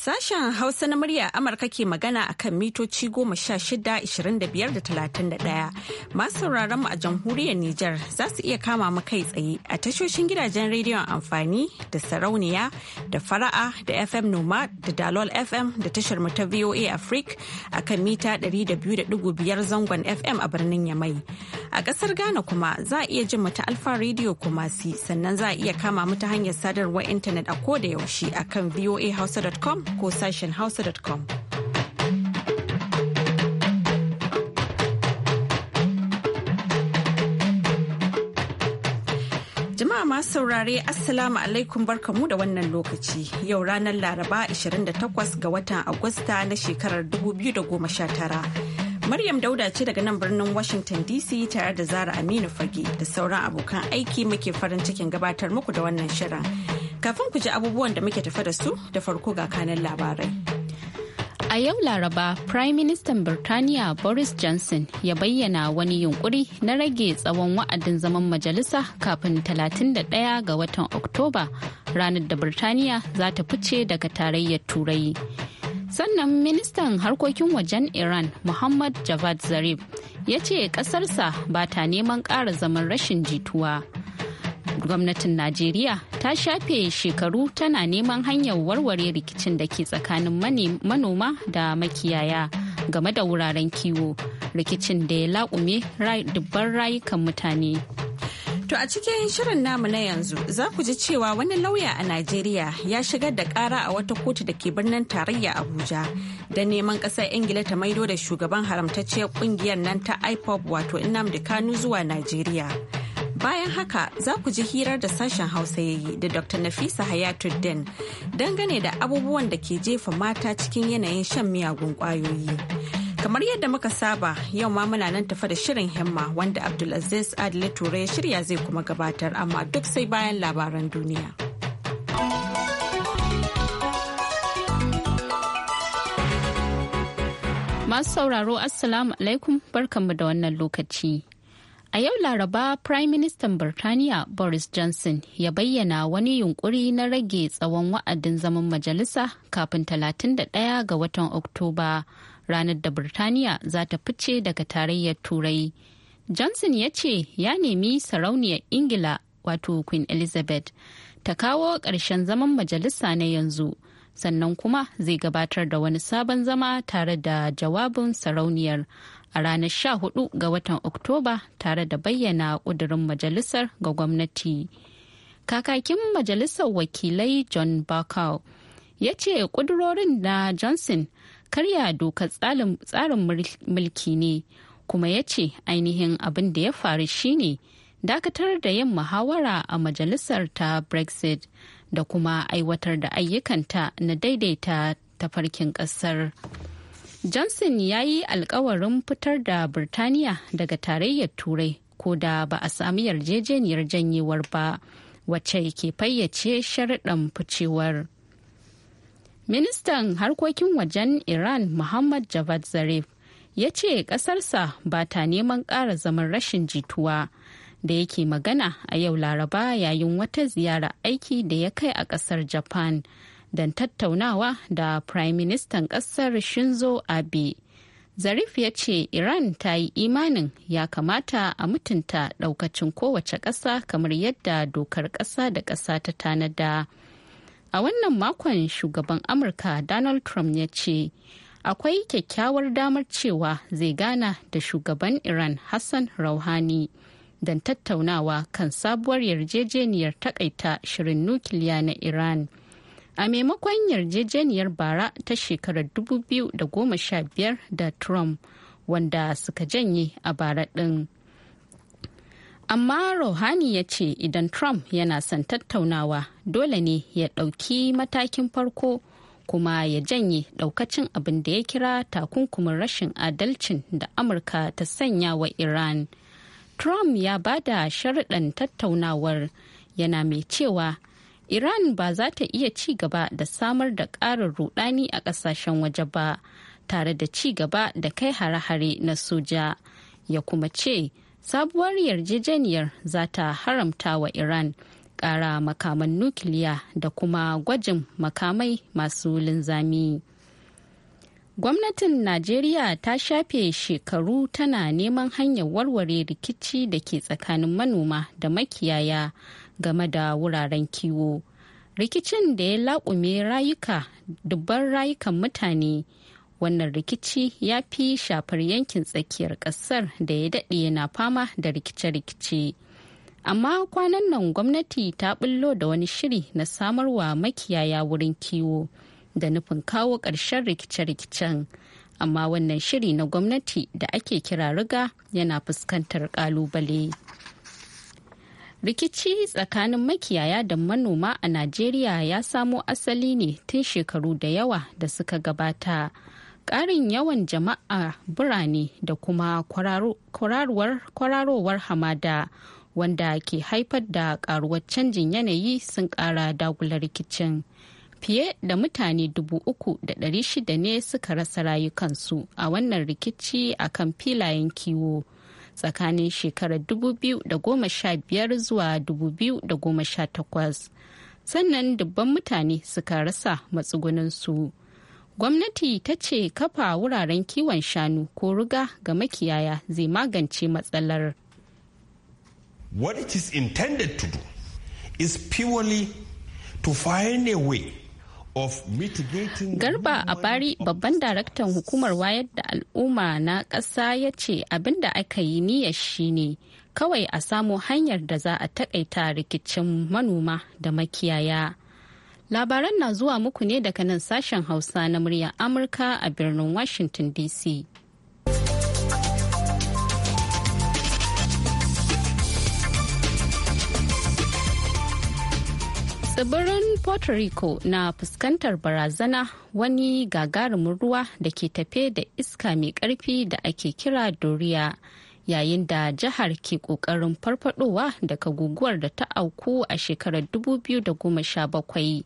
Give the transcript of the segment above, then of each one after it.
Sashen Hausa na murya Amurka ke magana a kan mitoci goma sha shida, ishirin da biyar da talatin da ɗaya. Masu sauraron mu a jamhuriyar Nijar za su iya kama mu kai tsaye a tashoshin gidajen rediyon amfani da sarauniya da fara'a da FM Noma da Dalol FM da tashar mu ta VOA afrik a kan mita 200.5 zangon FM a birnin Yamai. A ƙasar Ghana kuma za a iya jin mu ta Alfa Radio Kumasi sannan za a iya kama mu ta hanyar sadarwar intanet a ko da yaushe a kan voahausa.com ko sashen hausa.com. Jama'a masu saurare Assalamu alaikum barkamu da wannan lokaci yau ranar Laraba 28 ga watan Agusta na shekarar 2019. Maryam Dauda ce daga nan birnin Washington DC tare da Zara Aminu Fage da sauran abokan aiki muke farin cikin gabatar muku da wannan shirin. Kafin ku ji abubuwan da muke tafa da su da farko ga kanan labarai. A yau Laraba, Prime Minister Birtaniya Boris Johnson ya bayyana wani yunkuri na rage tsawon wa'adin zaman majalisa kafin 31 ga watan Oktoba ranar da Birtaniya za ta fice daga tarayyar Turai. Sannan ministan harkokin wajen Iran Muhammad Javad Zarif ya ce ƙasarsa ba ta neman ƙara zaman rashin jituwa. gwamnatin najeriya ta shafe shekaru tana neman hanyar warware rikicin da ke tsakanin manoma da makiyaya game da wuraren kiwo rikicin da ya laƙume dubban rayukan mutane To a cikin shirin namu na yanzu za ku ji cewa wani lauya a Najeriya ya shigar da kara a wata kotu da ke birnin tarayya Abuja da neman ƙasar Ingila ta maido da shugaban haramtacciyar kungiyar nan ta IPOB wato Nnamdi Kanu zuwa Najeriya. Bayan haka za ku ji hirar da sashen Hausa ya yi da Dr. Nafisa Hayatuddin dangane da abubuwan da ke jefa mata cikin yanayin shan miyagun ƙwayoyi. Kamar yadda muka saba yau ma muna nan tafa da shirin himma wanda Abdulaziz adil Ture ya shirya zai kuma gabatar amma duk sai bayan labaran duniya. Masu sauraro Assalamu alaikum barkanmu da wannan lokaci. A yau Laraba, Prime minister Birtaniya Boris Johnson ya bayyana wani yunkuri na rage tsawon wa'adin zaman majalisa kafin 31 ga watan Oktoba, ranar da Birtaniya za ta fice daga tarayyar Turai. Johnson ya ce ya nemi sarauniyar Ingila wato Queen Elizabeth ta kawo ƙarshen zaman majalisa na yanzu sannan kuma zai gabatar da wani sabon zama tare da jawabin sarauniyar a ranar 14 ga watan oktoba tare da bayyana ƙudurin majalisar ga gwamnati kakakin majalisar wakilai john bakau ya ce ƙudurorin na johnson karya doka tsarin mulki ne kuma ya ce ainihin abin da ya faru shine dakatar da yin muhawara a majalisar ta brexit da kuma aiwatar da ayyukanta na daidaita tafarkin ƙasar. Johnson ya yi alkawarin fitar da Birtaniya daga tarayyar Turai ko da ba a sami yarjejeniyar janyewar ba wacce ke fayyace sharaɗin ficewar. Ministan harkokin wajen Iran Muhammad Javad Zarif ya ce ƙasarsa ba ta neman ƙara zaman rashin jituwa da yake magana a yau laraba yayin wata ziyara aiki da ya kai a kasar japan don tattaunawa da prime ministan kasar shinzo abe zarif ya ce iran ta yi imanin ya kamata a mutunta daukacin kowace kasa kamar yadda dokar kasa da kasa ta tanada a wannan makon shugaban amurka donald trump ya ce akwai kyakkyawar damar cewa zai gana da shugaban iran hassan rouhani don tattaunawa kan sabuwar yarjejeniyar takaita shirin nukiliya na Iran. A maimakon yarjejeniyar bara ta shekarar 2015 da Trump wanda suka janye a bara din Amma rohani ya ce idan Trump yana son tattaunawa dole ne ya ɗauki matakin farko kuma ya janye ɗaukacin abin da ya kira takunkumin rashin adalcin da Amurka ta sanya wa Iran. Trump ya bada sharaɗan tattaunawar yana mai cewa Iran ba za ta iya ci gaba da samar da ƙarin rudani a ƙasashen waje ba tare da ci gaba da kai hare-hare na soja ya kuma ce sabuwar yarjejeniyar za ta haramta wa Iran ƙara makaman nukiliya da kuma gwajin makamai masu linzami. Gwamnatin Najeriya ta shafe shekaru tana neman hanyar warware rikici da ke tsakanin manoma da makiyaya game da wuraren kiwo. Rikicin da ya laƙume rayuka dubban rayukan mutane. Wannan rikici ya fi shafar yankin tsakiyar ƙasar da ya daɗe yana fama da rikice-rikice. Amma kwanan nan gwamnati ta ɓullo da wani shiri na samarwa makiyaya wurin kiwo. da nufin kawo ƙarshen rikice-rikicen. Amma wannan shiri na gwamnati da ake kira riga yana fuskantar ƙalubale. rikici tsakanin makiyaya da manoma a najeriya ya samo asali ne tun shekaru da yawa da suka gabata ƙarin yawan jama'a birane da kuma kwararowar hamada wanda ke haifar da ƙaruwar canjin yanayi sun ƙara dagula rikicin fiye da mutane dubu uku da ɗari shida ne suka rasa rayukansu a wannan rikici a kan filayen kiwo tsakanin shekarar biyar zuwa da goma sha 2018 sannan dubban mutane suka rasa matsugunansu gwamnati ta ce kafa wuraren kiwon shanu ko ruga ga makiyaya zai magance matsalar what it is intended to do is purely to find a way of mitigating Garba a bari babban daraktan hukumar wayar da al'umma na ƙasa ya ce abinda aka yi niyyar shi ne kawai a samu hanyar da za a takaita rikicin manoma da makiyaya. Labaran na zuwa muku ne daga nan sashen Hausa na muryar Amurka a birnin Washington DC. tsibirin puerto rico na fuskantar barazana wani gagarumin ruwa da ke tafe da iska mai karfi da ake kira doriya yayin da jihar ke kokarin farfadowa daga guguwar da ta auku a shekarar 2017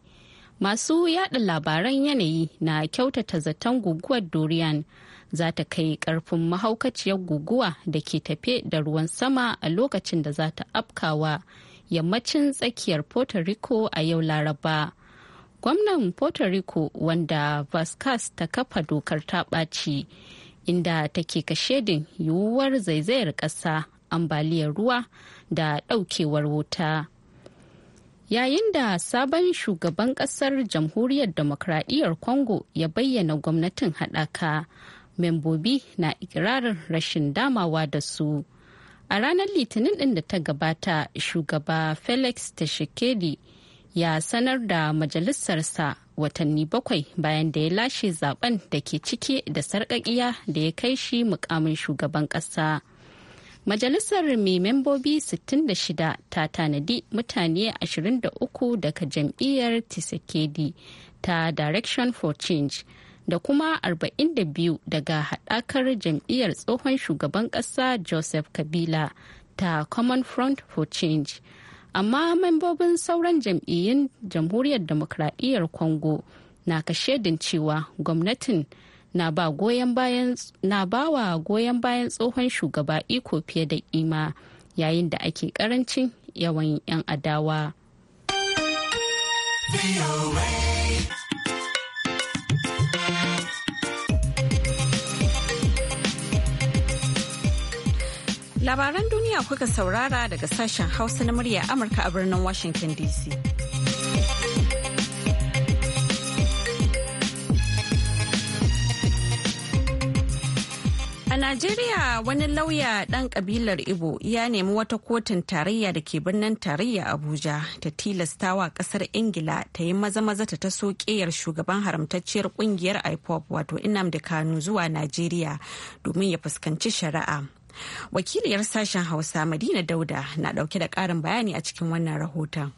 masu yada labaran yanayi na kyautata zaton guguwar dorian za ta kai karfin mahaukaciyar guguwa da ke tafe da ruwan sama a lokacin da za ta afkawa yammacin tsakiyar puerto rico a yau laraba gwamnan puerto rico wanda vasquez ta kafa dokar ta ɓaci inda take kashedin yiwuwar zaizayar ƙasa ambaliyar ruwa da ɗaukewar wuta yayin da sabon shugaban ƙasar jamhuriyar demokradiyyar congo ya bayyana gwamnatin haɗaka membobi na ikirarin rashin damawa da su A ranar Litinin ɗin da ta gabata, shugaba Felix Tshisekedi ya sanar da majalisarsa watanni bakwai bayan da ya lashe zaben da ke cike da sarƙaƙiya da ya kai shi mukamin shugaban ƙasa. Majalisar mai membobi 66 ta tanadi mutane 23 daga jam'iyyar Tshisekedi ta Direction for Change da kuma 42 daga haɗakar jam'iyyar tsohon shugaban ƙasa joseph kabila ta common front for change amma membobin sauran jam'iyyun jamhuriyar demokradiyyar congo na kashedin cewa gwamnatin na ba wa goyon bayan tsohon shugaba iko fiye da kima yayin da ake karancin yawan 'yan adawa. Labaran duniya kuka saurara daga sashen Hausa na murya Amurka a birnin Washington DC. A Najeriya wani lauya dan kabilar Ibo ya nemi wata kotun tarayya da ke birnin tarayya Abuja ta tilasta wa kasar Ingila ta yi maza-maza ta taso ƙeyar shugaban haramtacciyar kungiyar IPOP wato da Kanu zuwa Najeriya domin ya fuskanci shari'a. Wakiliyar sashen Hausa Madina Dauda na ɗauke da ƙarin bayani a cikin wannan rahoton.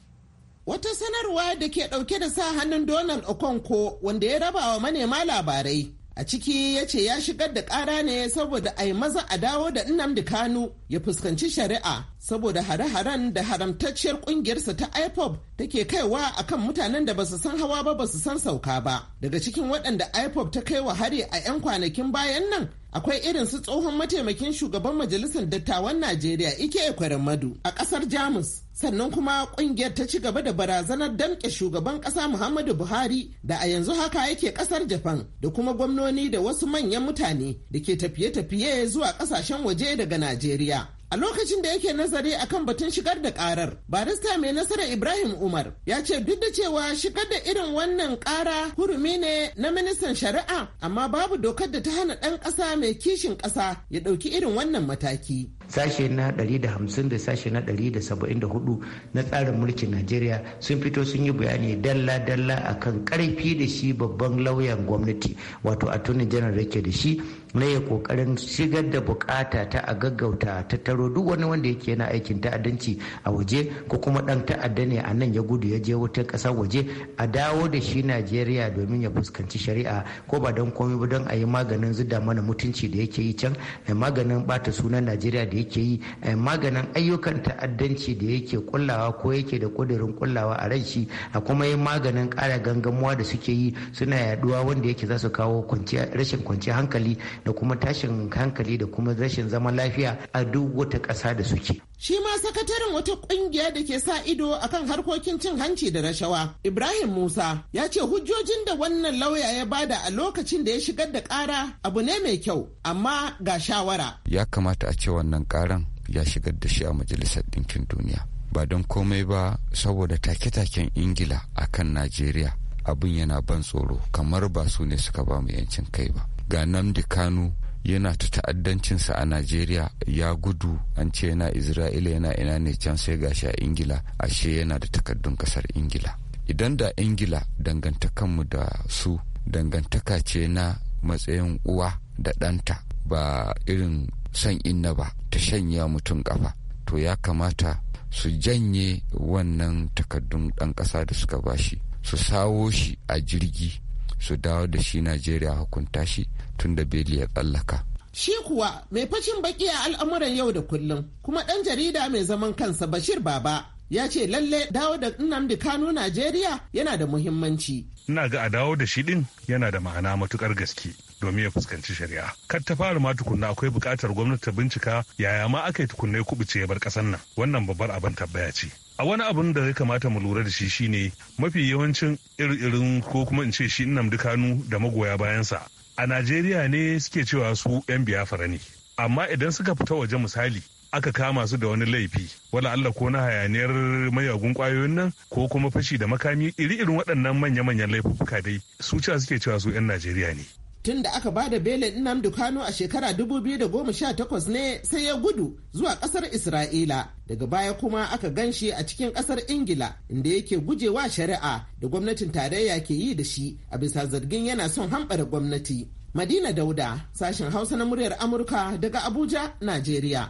Wata sanarwa da ke dauke da sa hannun Donald Okonko wanda ya raba wa manema labarai a ciki ya ce ya shigar da ƙara ne saboda a yi maza a dawo da Nnamdi Kanu ya fuskanci shari'a saboda hare-haren da haramtacciyar ƙungiyarsa ta IPOB take kaiwa akan mutanen da basu san hawa ba basu san sauka ba. Daga cikin waɗanda IPOB ta kai wa hari a 'yan kwanakin bayan nan akwai irin su tsohon mataimakin shugaban majalisar dattawan Najeriya Ike madu a ƙasar Jamus. sannan kuma kungiyar ta ci gaba da barazanar damke shugaban kasa muhammadu buhari da a yanzu haka yake kasar japan da kuma gwamnoni da wasu manyan mutane da ke tafiye-tafiye zuwa kasashen waje daga najeriya A lokacin da yake nazari akan batun shigar da karar, barista mai nasara Ibrahim Umar ya ce duk da cewa shigar da irin wannan kara hurumi ne na ministan shari'a, amma babu dokar da ta hana ɗan ƙasa mai kishin ƙasa ya ɗauki irin wannan mataki. Sashe na 150 da sashe na 174 na tsarin mulkin Najeriya sun fito sun yi bayani dalla-dalla akan karfi da shi babban lauyan gwamnati wato attorney general rake da shi na ya kokarin shigar da bukata ta a gaggauta ta taro duk wani wanda yake yana aikin ta'addanci a waje ko kuma dan ta'adda ne a nan ya gudu ya je wata ƙasar waje a dawo da shi najeriya domin ya fuskanci shari'a ko ba don komai ba don a yi maganin zuda mana mutunci da yake yi can maganin bata sunan najeriya da yake yi maganin ayyukan ta'addanci da yake kullawa ko yake da kudirin kullawa a ran shi a kuma yi maganin kara gangamuwa da suke yi suna yaduwa wanda yake za su kawo rashin kwanciyar hankali da kuma tashin hankali da kuma rashin zaman lafiya a duk wata ƙasa da suke. Shi ma sakataren wata ƙungiya da ke sa ido akan harkokin cin hanci da rashawa, Ibrahim Musa, ya ce hujjojin da wannan lauya ya bada a lokacin da ya shigar da ƙara abu ne mai kyau, amma ga shawara. Ya kamata a ce wannan ƙaran ya shigar da shi a Majalisar Ɗinkin Duniya. Ba don komai ba saboda take-taken Ingila a kan Najeriya abin yana ban tsoro kamar ba su ne suka ba mu 'yancin kai ba. ga namdi kanu yana ta ta'addancinsa a najeriya ya gudu an ce yana isra'ila yana ina ne can sai gashi a ingila ashe yana da takardun kasar ingila idan da ingila dangantakanmu da su dangantaka ce na matsayin uwa da ɗanta ba irin son inna ba ta shanya mutum ƙafa to ya kamata su janye wannan takardun ɗan ƙasa da suka bashi su sawo shi a jirgi su dawo da shi najeriya hukunta shi tun da beli ya tsallaka shi kuwa mai fashin baki a al'amuran yau da kullum kuma ɗan jarida mai zaman kansa bashir baba ya ce lalle dawo da Nnamdi Kano Najeriya yana da muhimmanci. Ina ga a dawo da shi ɗin yana da ma'ana matukar gaske domin ya fuskanci shari'a. Kar ta fara ma tukunna akwai buƙatar gwamnati ta bincika yaya ma aka yi tukunna ya kubuce ya bar ƙasar nan. Wannan babbar abin tabbaya ce. a wani abun da ya kamata mu lura da shi shine mafi yawancin irin ko kuma in ce shi Nnamdi Kanu da magoya bayansa a Najeriya ne suke cewa su 'yan biyafara ne amma idan suka fita waje misali aka kama su da wani laifi wala Allah ko na hayaniyar mayagun kwayoyin nan ko kuma fashi da makami iri irin waɗannan manya-manyan laifuka dai su cewa suke cewa su 'yan Najeriya ne tun da aka bada belin Nnamdi Kano a shekara 2018 ne sai ya gudu zuwa kasar Isra'ila. Daga baya kuma aka gan shi a cikin kasar Ingila inda yake gujewa shari'a da gwamnatin tarayya ke yi da shi a bisa zargin yana son hambar gwamnati. Madina Dauda, sashen Hausa na muryar Amurka daga Abuja, Najeriya.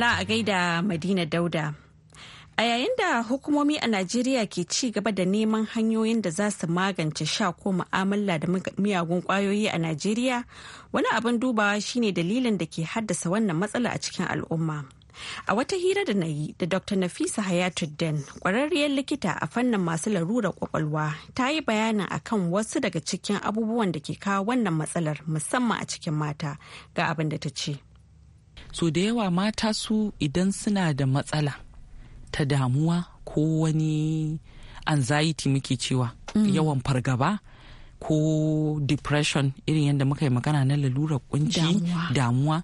Allah a gaida Madina Dauda. A yayin da hukumomi a Najeriya ke ci gaba da neman hanyoyin da za su magance sha ko mu'amala da miyagun kwayoyi a Najeriya, wani abin dubawa shine dalilin da ke haddasa wannan matsala a cikin al'umma. A wata hira da na yi da Dr. Nafisa Hayatuddin, kwararriyar likita a fannin masu larurar kwakwalwa, ta yi bayanin akan wasu daga cikin abubuwan da ke kawo wannan matsalar musamman a cikin mata ga abin da ta ce. so da yawa mata su idan suna da matsala ta damuwa ko wani anxiety muke cewa mm. yawan fargaba ko depression irin yadda muka yi magana na lalurar kunci damuwa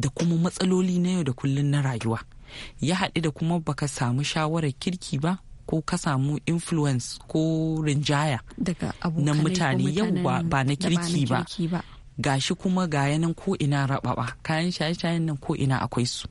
da kuma matsaloli na yau da kullun na rayuwa ya haɗu da kuma baka samu shawarar kirki ba ko ka samu influence ko rinjaya na mutane yau ba na kirki ba Ga shi kuma ga yanan ko ina rababa kayan shaye-shayen nan ko ina akwai su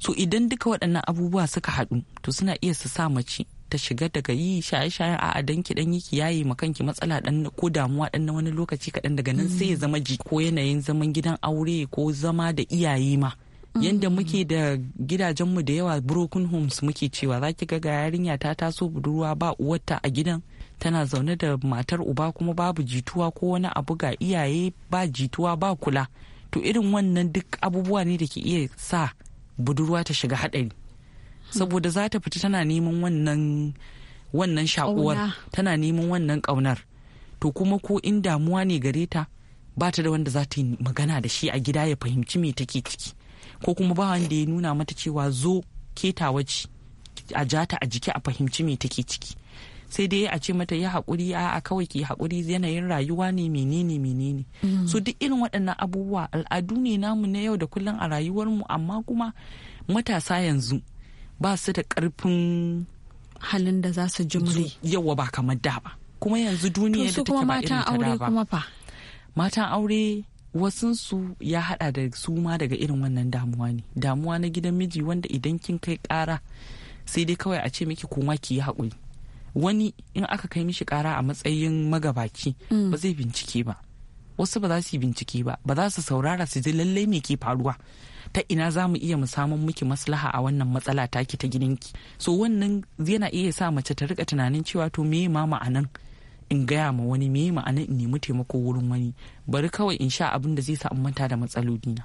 so idan duka waɗannan abubuwa suka haɗu to suna iya su sa mace ta shiga daga yi shaye-shayen a dan ki dan yi ki yayi ma kanki matsala dan ko damuwa dan na wani lokaci kaɗan daga nan sai ya mm. zama ji ko yanayin zaman gidan aure ko zama da iyaye ma mm. yanda muke da gidajenmu da yawa broken homes muke cewa za ki ga yarinya ta taso budurwa ba uwarta a gidan tana zaune da matar uba kuma babu jituwa ko wani abu ga iyaye ba jituwa ba kula to irin wannan duk abubuwa ne da ke iya sa budurwa ta shiga hadari saboda za ta fita tana neman wannan wannan shakuwar tana neman wannan kaunar to kuma ko in damuwa ne gare ta ba ta da wanda za ta yi magana da shi a gida ya fahimci me take ciki ko kuma ba wanda ya nuna mata cewa zo ketawa ce a jata a jiki a fahimci me take ciki sai dai a ce mata yi haƙuri a a kawai ki haƙuri yanayin rayuwa ne menene menene mm. so duk irin waɗannan abubuwa al'adu ne namu na yau da kullum a rayuwarmu amma kuma matasa yanzu ba su da ƙarfin halin da za su jimre yawa ba kamar da ba kuma yanzu duniya da take ba irin ta da aure kuma fa matan aure su ya hada da su ma daga irin wannan damuwa ne damuwa na gidan miji wanda idan kin kai kara sai dai kawai a ce miki koma ki yi haƙuri wani in aka kai mishi kara a matsayin magabaci mm. ba zai bincike ba wasu ba za su yi bincike ba ba za su saurara su ji lallai me ke faruwa ta ina za mu iya mu samun miki maslaha a wannan matsala taki ta gidanki so wannan yana iya sa mace ta rika tunanin cewa to me ma ma'anan in gaya ma wani me ma'anan in nemi taimako wurin wani bari kawai in sha abin da zai sa in manta da na.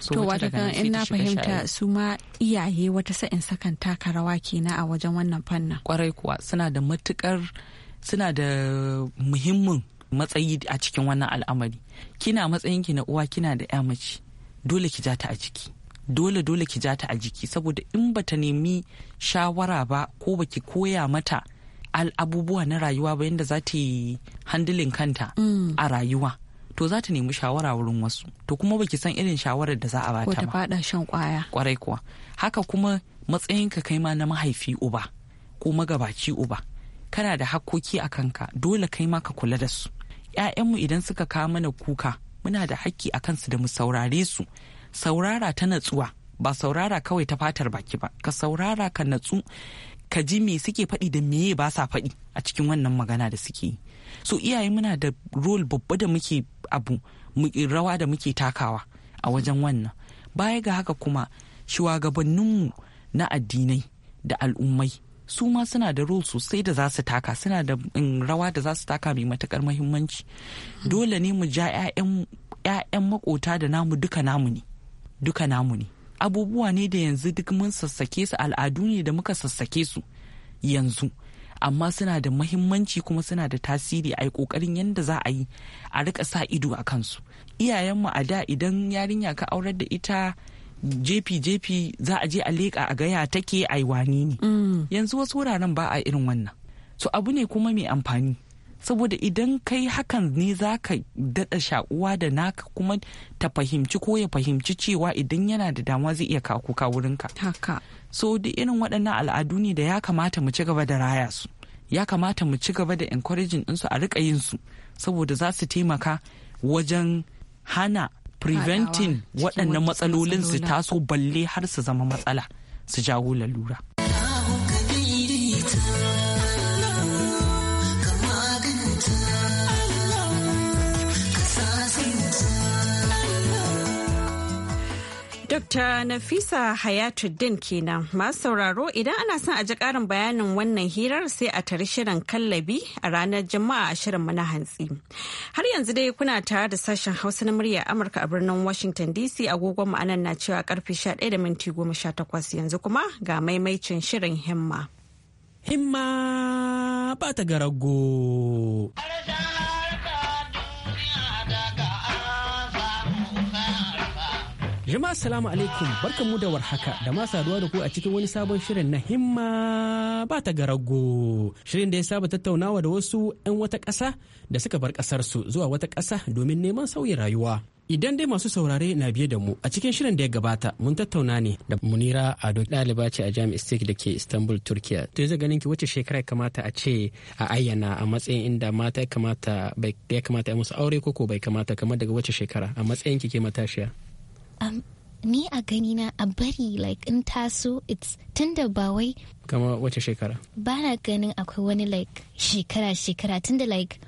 to wata kan in na fahimta su ma iyaye wata sa'in sakan taka rawa kenan a wajen wannan fannin kwarai kuwa suna da matukar suna da muhimmin matsayi a cikin wannan al'amari kina matsayinki na uwa kina da ya mace dole ki jata a jiki dole dole ki jata a jiki saboda in bata nemi shawara ba ko baki koya mata abubuwa na rayuwa ba yadda za ta yi handling kanta mm. a rayuwa to za ta nemi shawara wurin wasu to kuma baki san irin shawarar da za a bata ba ko ta fada shan kwaya kwarai kuwa haka kuma matsayinka kai ma na mahaifi uba ko magabaci uba kana da hakkoki a kanka dole kai ma ka kula da su ‘ya'yanmu idan suka kawo mana kuka muna da hakki a kansu da mu saurare su saurara ta natsuwa ba saurara kawai ta fatar baki ba ka saurara ka natsu ka ji me suke faɗi da meye ba sa faɗi a cikin wannan magana da suke yi so iyaye muna da rol babba da muke abu rawa da muke takawa a wajen wannan baya ga haka kuma shugabanninmu na addinai da al'ummai su ma suna da rol sosai da za su taka suna da mm, rawa da za su taka mai matakar mahimmanci dole ne mu ja 'ya'yan makota da namu duka namu ne duka namu ne abubuwa ne da yanzu duk mun sassake su al'adu ne da muka sassake su yanzu amma suna da mahimmanci kuma suna da tasiri a yi kokarin yadda za a yi a rika sa ido a kansu iyayenmu a da idan yarinya ka aurar da ita jefi-jefi za a je a leƙa a gaya take aiwani ne mm. yanzu wasu wuraren ba a irin wannan so abu ne kuma mai amfani saboda idan kai hakan ne za ka daɗa shaƙuwa da naka kuma ta fahimci ko ya fahimci cewa idan yana da damuwa zai iya kawo kuka wurinka haka so da irin waɗannan al'adu ne da ya kamata mu ci gaba da raya su ya kamata mu ci gaba da encouraging ɗinsu a riƙa yin su saboda za su taimaka wajen hana preventing waɗannan matsalolin su taso balle har su zama matsala su jawo lalura Dr. Nafisa Hayatuddin kenan masu sauraro idan ana son a ji karin bayanin wannan hirar sai a tari shirin kallabi a ranar Juma'a a shirin na hantsi. Har yanzu dai kuna tare da sashen Hausa na murya Amurka a birnin Washington DC agogon ma'anan na cewa karfe ɗaya da minti yanzu kuma ga maimaicin shirin himma. Himma ba ta garago. Jama'a assalamu alaikum barkanmu da warhaka da ma saduwa da ku a cikin wani sabon shirin na himma ba ta garago. Shirin da ya saba tattaunawa da wasu 'yan wata ƙasa da suka bar su zuwa wata ƙasa domin neman sauyi rayuwa. Idan dai masu saurare na biye da mu a cikin shirin da ya gabata mun tattauna ne da Munira Ado ɗaliba ce a Jami'ar Stik da ke Istanbul, Turkiya. To yanzu ganin ki wace shekara kamata a ce a ayyana a matsayin inda mata ya kamata ya musu aure ko ko bai kamata kamar daga wace shekara a matsayin ki ke matashiya. Um, ni a gani na a bari like in taso it's tunda ba wai kama wace shekara ba na ganin akwai wani like shekara shekara tunda like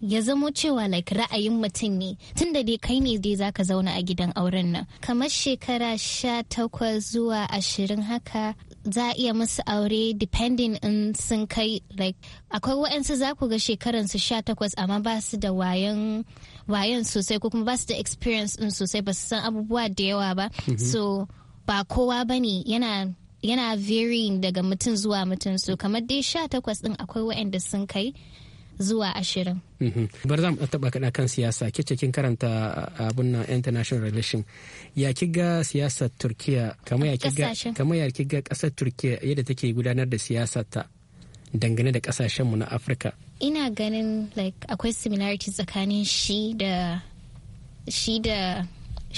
ya zamo cewa like ra'ayin mutum ne tunda dai kai ne dai zaka zauna a gidan auren nan kamar shekara sha takwas zuwa ashirin haka za a iya musu aure depending in sun kai like akwai wa'ansu za ku ga shekaransu sha takwas amma ba su da wayan wayan sosai ko kuma ba su da experience din sosai ba su san abubuwa da yawa ba mhm. so ba kowa ba ne yana yana varying daga mutum zuwa mutum so kamar dai sha takwas din akwai waɗanda sun kai zuwa ashirin. Mhm. Bar zamu taba taɓa kaɗa kan siyasa, ke kin karanta abun nan international relation. Ya kiga siyasar Turkiya, kamar ya kiga ƙasar Turkiya yadda take gudanar da siyasar ta dangane da mu na Afirka. ina ganin like akwai similarities tsakanin shi da shi da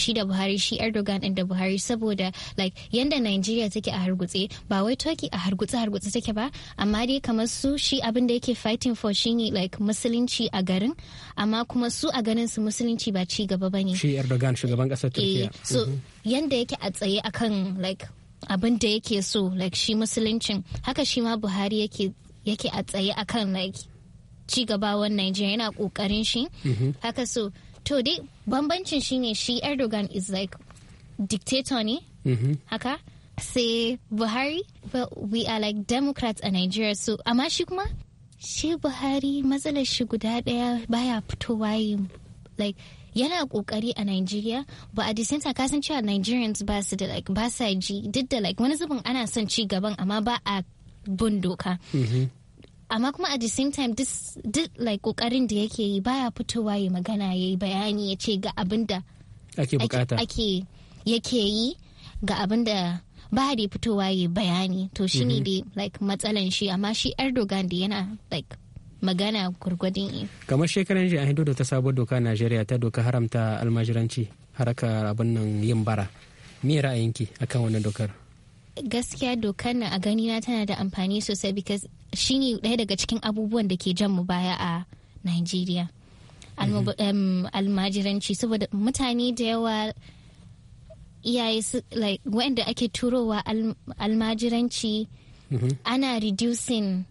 shi da Buhari shi Erdogan din da Buhari saboda like yanda Nigeria take a hargutse ba wai Turkey a hargutse hargutse take ba amma dai kamar su shi abin da yake fighting for shi ne like musulunci a garin amma kuma su a ganin su musulunci ba ci gaba bane shi Erdogan shugaban kasar Turkiya eh, so mm-hmm. yanda yake a tsaye akan like abin da yake so like shi musuluncin haka shi ma Buhari yake yake a tsaye akan like cigabawan Nigeria yana kokarin shi mm-hmm. haka so to dai bambancin ne shi Erdogan is like dictator ne mm-hmm. haka sai Buhari we are like democrats a Nigeria so amma shi kuma shi Buhari matsalar shi guda daya baya fitowa like yana kokari a Nigeria ba a disinta kasan cewa Nigerians ba su da like ba sa ji duk da like wani zubin ana son ci gaban amma ba a bin doka. Mm-hmm. amma kuma at the same time duk like kokarin da yake yi baya fitowa ya magana ya yi bayani ya ce ga abin da ake bukata ake yake yi ga abin da ba da fitowa ya bayani to shi ne mhm. dai like matsalan shi amma shi erdogan da yana like magana yi kamar shekaran shi a da ta sabuwar doka najeriya ta doka haramta almajiranci haraka abin nan yin bara me ra'ayinki akan wannan dokar gaskiya dokar nan a gani na tana da amfani sosai because ne ɗaya daga cikin abubuwan da ke jan mu baya a Najeriya. Mm-hmm. Almajiranci saboda mutane da yawa iyaye su like waɗanda ake turowa almajiranci mm-hmm. ana reducing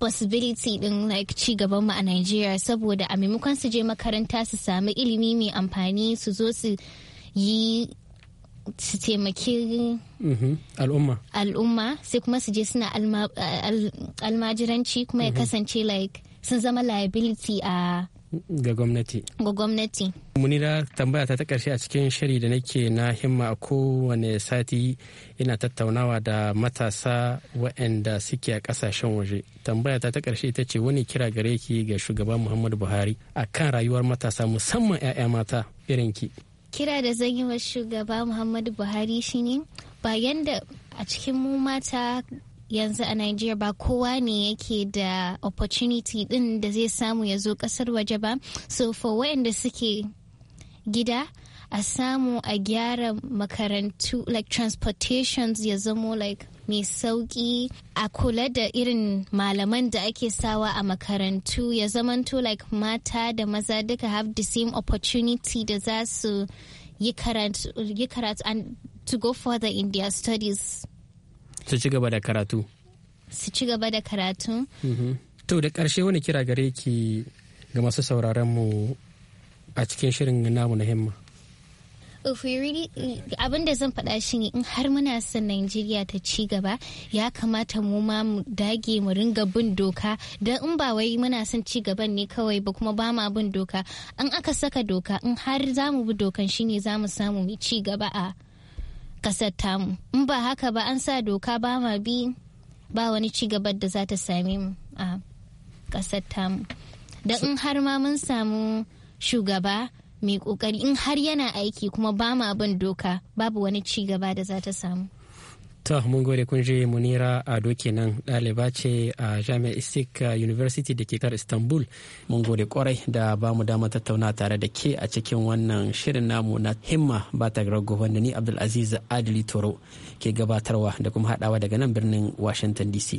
possibility din like ci gaban mu a Najeriya saboda a maimakon su je makaranta su sami ilimi mai amfani su zo su yi su taimaki mhm. al'umma al'umma sai kuma su je suna almajiranci kuma ya mhm. kasance like sun zama liability a ga gwamnati ga gwamnati munira tambaya ta ta karshe a cikin shiri da nake na himma a kowane sati ina tattaunawa da matasa waɗanda suke a ƙasashen waje tambaya ta ta karshe ita ce wani kira gare ki ga shugaban muhammadu buhari a kan rayuwar matasa musamman 'ya'ya mata irinki kira da zan yi wa shugaba muhammadu buhari shine bayan da a cikin mu mata yanzu a nigeria ba kowa ne yake da opportunity din da zai samu ya zo kasar waje ba. So for waɗanda suke gida a samu a gyara makarantu like transportations ya zamo like mai sauki a kula da irin malaman da ake sawa a makarantu ya zamanto like mata da maza duka have the same opportunity da za su yi karatu and to go further in their studies su ci gaba da karatu su ci gaba da karatu mm-hmm. to da karshe wani kira gare ki ga masu sauraron mu a cikin shirin namu na himma abin da zan faɗa shi ne in har muna son Najeriya ta ci gaba ya kamata mu ma mu dage mu ringa bin doka don in ba wai muna son ci gaban ne kawai ba kuma ba ma bin doka in aka saka doka in har za mu bi dokan ne za mu samu mu ci gaba a kasar tamu in ba haka ba an sa doka ba ma bi ba wani ci gaba da za ta same mu a kasar tamu da in har ma mun samu shugaba mai kokari in har yana aiki kuma ba mu bin doka babu wani ci gaba da za ta samu ta mun gode kun je munira ado kenan ɗaliba ce a jami'ar istik university da ke kar istanbul mun gode kwarai da ba mu dama tattauna tare da ke a cikin wannan shirin namu na himma ba ta rago wanda ni abdulaziz adili toro ke gabatarwa da kuma haɗawa daga nan birnin washington dc.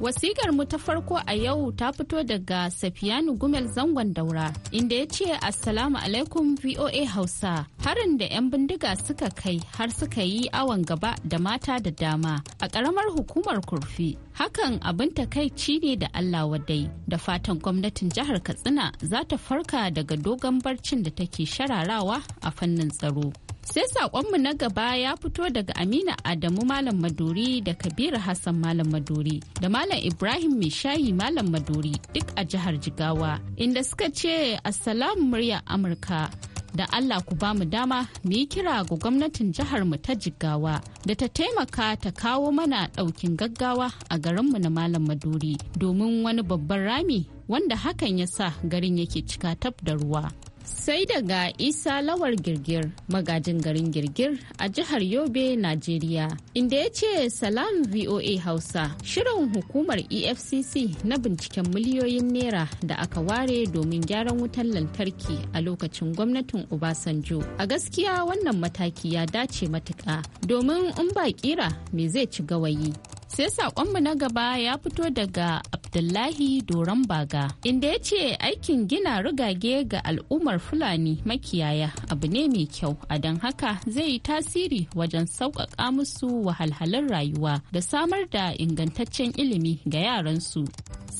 Wasikar mu ta farko a yau ta fito daga Safiyanu Gumel zangon daura inda ya ce Assalamu alaikum VOA Hausa. Harin da 'yan bindiga suka kai har suka yi awon gaba da mata da dama a ƙaramar hukumar kurfi. Hakan abin takaici ne da Allah wadai da fatan gwamnatin jihar Katsina za ta farka daga dogon barcin da take shararawa a fannin tsaro. sai saƙonmu na gaba ya fito daga amina adamu malam maduri da kabiru hassan malam maduri da malam ibrahim mai shayi malam maduri duk a jihar jigawa inda suka ce assalamu murya amurka da Allah ku ba mu dama mu yi kira ga gwamnatin jihar mu ta Jigawa da ta taimaka ta kawo mana ɗaukin gaggawa a garinmu na Malam Maduri domin wani babban rami wanda hakan ya sa garin yake cika tab da ruwa. sai daga isa lawar girgir magajin garin girgir a jihar yobe najeriya inda ya ce salam voa hausa shirin hukumar efcc na binciken miliyoyin naira da aka ware domin gyaran wutan lantarki a lokacin gwamnatin obasanjo a gaskiya wannan mataki ya dace matuka domin in ba kira me zai ci gawayi sai saƙonmu na gaba ya fito daga abdullahi doron baga inda ya ce aikin gina rigage ga al'ummar fulani makiyaya abu ne mai kyau a don haka zai yi tasiri wajen sauƙaƙa musu wahalhalun rayuwa da samar da ingantaccen ilimi ga yaransu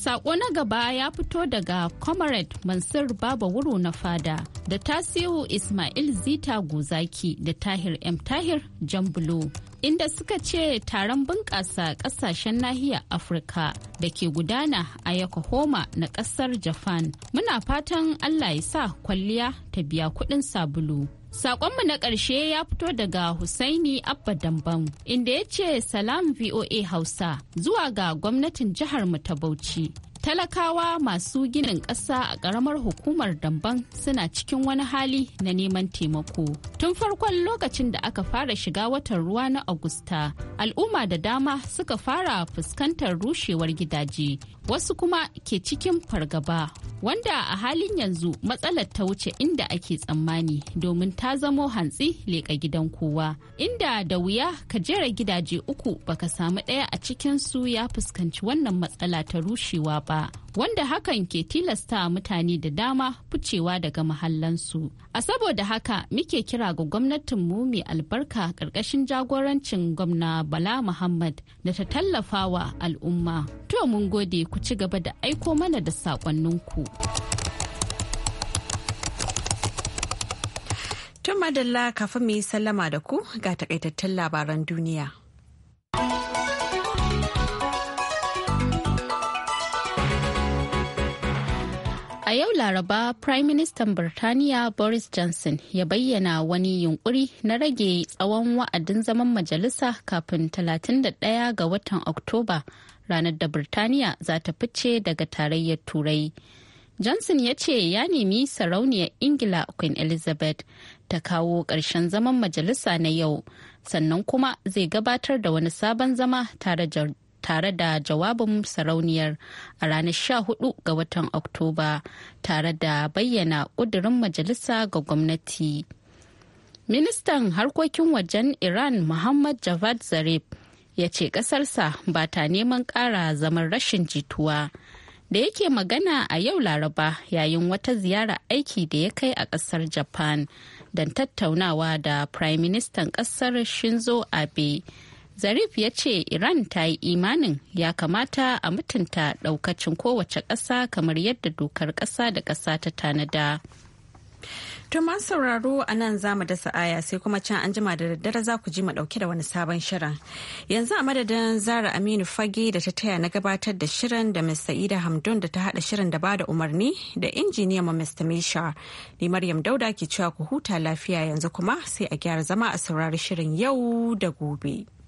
Sako na gaba ya fito daga Comrade Mansur Baba Wuro na Fada da tasiru Ismail Zita Gozaki da Tahir M. Tahir Jambulo inda suka ce taron bunƙasa ƙasashen nahiyar afirka da ke gudana a yokohama na ƙasar japan muna fatan allah ya sa kwalliya ta biya kuɗin sabulu Saƙonmu na ƙarshe ya fito daga Husaini Abba Damban inda ya ce salam VOA Hausa zuwa ga gwamnatin jihar mu ta Bauchi talakawa masu ginin ƙasa a ƙaramar hukumar damban suna cikin wani hali na neman taimako tun farkon lokacin da aka fara shiga watan ruwa na agusta al'umma da dama suka fara fuskantar rushewar gidaje wasu kuma ke cikin fargaba wanda a halin yanzu matsalar ta wuce inda ake tsammani domin ta zamo hantsi leƙa gidan kowa inda da wuya ka jera gidaje uku baka samu ɗaya a cikin su ya fuskanci wannan matsala ta rushewa ba wanda hakan ke tilasta mutane da dama ficewa daga mahallansu a saboda haka muke kira ga gwamnatin mu mai albarka ƙarƙashin jagorancin gwamna bala muhammad da ta tallafa wa al'umma Yau mun gode ku ci gaba da aiko mana da saƙonninku. Tun madalla kafin mu yi sallama da ku ga takaitattun labaran duniya. Laraba, Prime Minister Birtaniya Boris Johnson ya bayyana wani yunkuri na rage tsawon wa'adin zaman majalisa kafin 31 ga watan Oktoba ranar da Birtaniya za ta fice daga tarayyar Turai. Johnson ya ce ya nemi sarauniyar Ingila Queen Elizabeth ta kawo ƙarshen zaman majalisa na yau, sannan kuma zai gabatar da wani sabon zama tare tare da jawabin sarauniyar a ranar 14 ga watan Oktoba tare da bayyana ƙudurin majalisa ga gwamnati. Ministan harkokin wajen Iran Muhammad Javad Zarif ya ce ƙasarsa ba ta neman ƙara zaman rashin jituwa. Da yake magana a yau Laraba yayin wata ziyara aiki da ya kai a ƙasar Japan don tattaunawa da Prime Ministan ƙasar Shinzo Abe. zarif ya ce iran ta yi imanin ya kamata a mutunta daukacin kowace ƙasa kamar yadda dokar ƙasa da ƙasa ta tanada Tuma sauraro a nan za mu dasa aya sai kuma can an jima da daddare za ku ji mu dauke da wani sabon shirin. Yanzu a madadin Zara Aminu Fage da ta taya na gabatar da shirin da Mr. Ida Hamdun da ta hada shirin da bada umarni da injiniya ma Mr. Misha. Ni Maryam Dauda ke cewa ku huta lafiya yanzu kuma sai a gyara zama a saurari shirin yau da gobe.